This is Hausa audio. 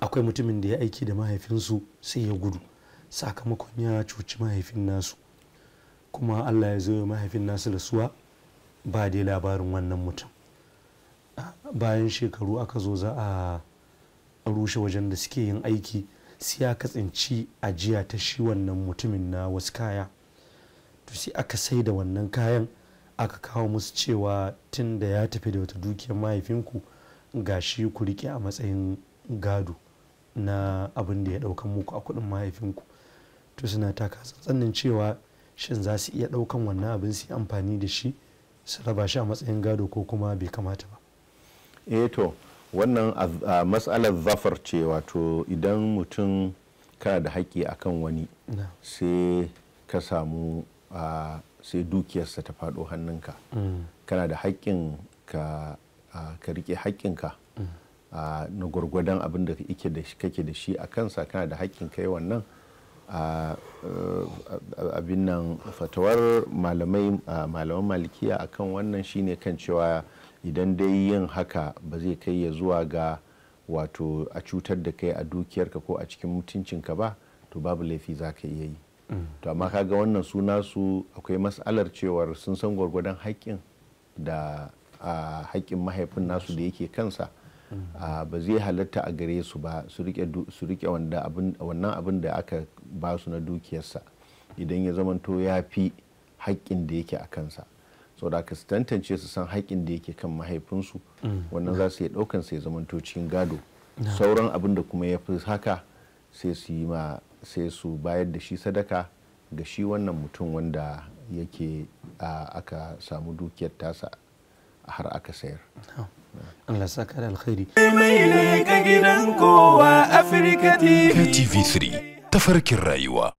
akwai mutumin da ya aiki da mahaifinsu sai ya gudu sakamakon ya cuci mahaifin nasu kuma allah ya zo mahaifin nasu da suwa ba dai labarin wannan mutum bayan shekaru aka zo za a rushe wajen da suke yin aiki sai aka tsinci ajiya ta shi wannan mutumin na wasu kaya to sai aka sai da wannan kayan aka kawo musu cewa tun da ya tafi da wata dukiyar mahaifinku ga shi ku rike a matsayin gado na abin da ya ɗaukan muku a kudin mahaifinku to suna taka tsantsanin cewa shin za su iya ɗaukan wannan abin su yi amfani da shi su raba shi a matsayin gado ko kuma bai kamata ba eh to wannan matsalar zafar ce wato idan mutum kana da haƙƙi a kan wani sai ka samu sai dukiyarsa ta faɗo hannunka mm. kana da haƙƙin ka rike haƙƙinka na gwargwadon abin da kake da shi a kansa kana da haƙƙin kai wannan abin nan fatawar malamai malaman malikiya kan wannan shine kan cewa idan dai yin haka ba zai kai ya zuwa ga wato a cutar da kai a dukiyarka ko a cikin mutuncinka ba to babu laifi za ka iya yi to amma kaga wannan suna su akwai matsalar cewar sun san gwargwadon haƙƙin da haƙƙin mahaifin nasu da yake kansa Ah, ba zai halatta a gare su ba su rike wannan abin da aka ba su na dukiyarsa idan ya zamanto ya fi haƙƙin da yake a kansa sau da aka tantance su san haƙƙin da yake kan mahaifinsu mm. wannan za su yi ɗaukan sai zamanto cikin gado sauran abin da kuma ya fi haka sai su yi ma sai su bayar da shi sadaka ga shi wannan mutum wanda yake ah, aka samu dukiyar tasa har aka sayar. الله سكر الخير كي في 3 تفرك الرأي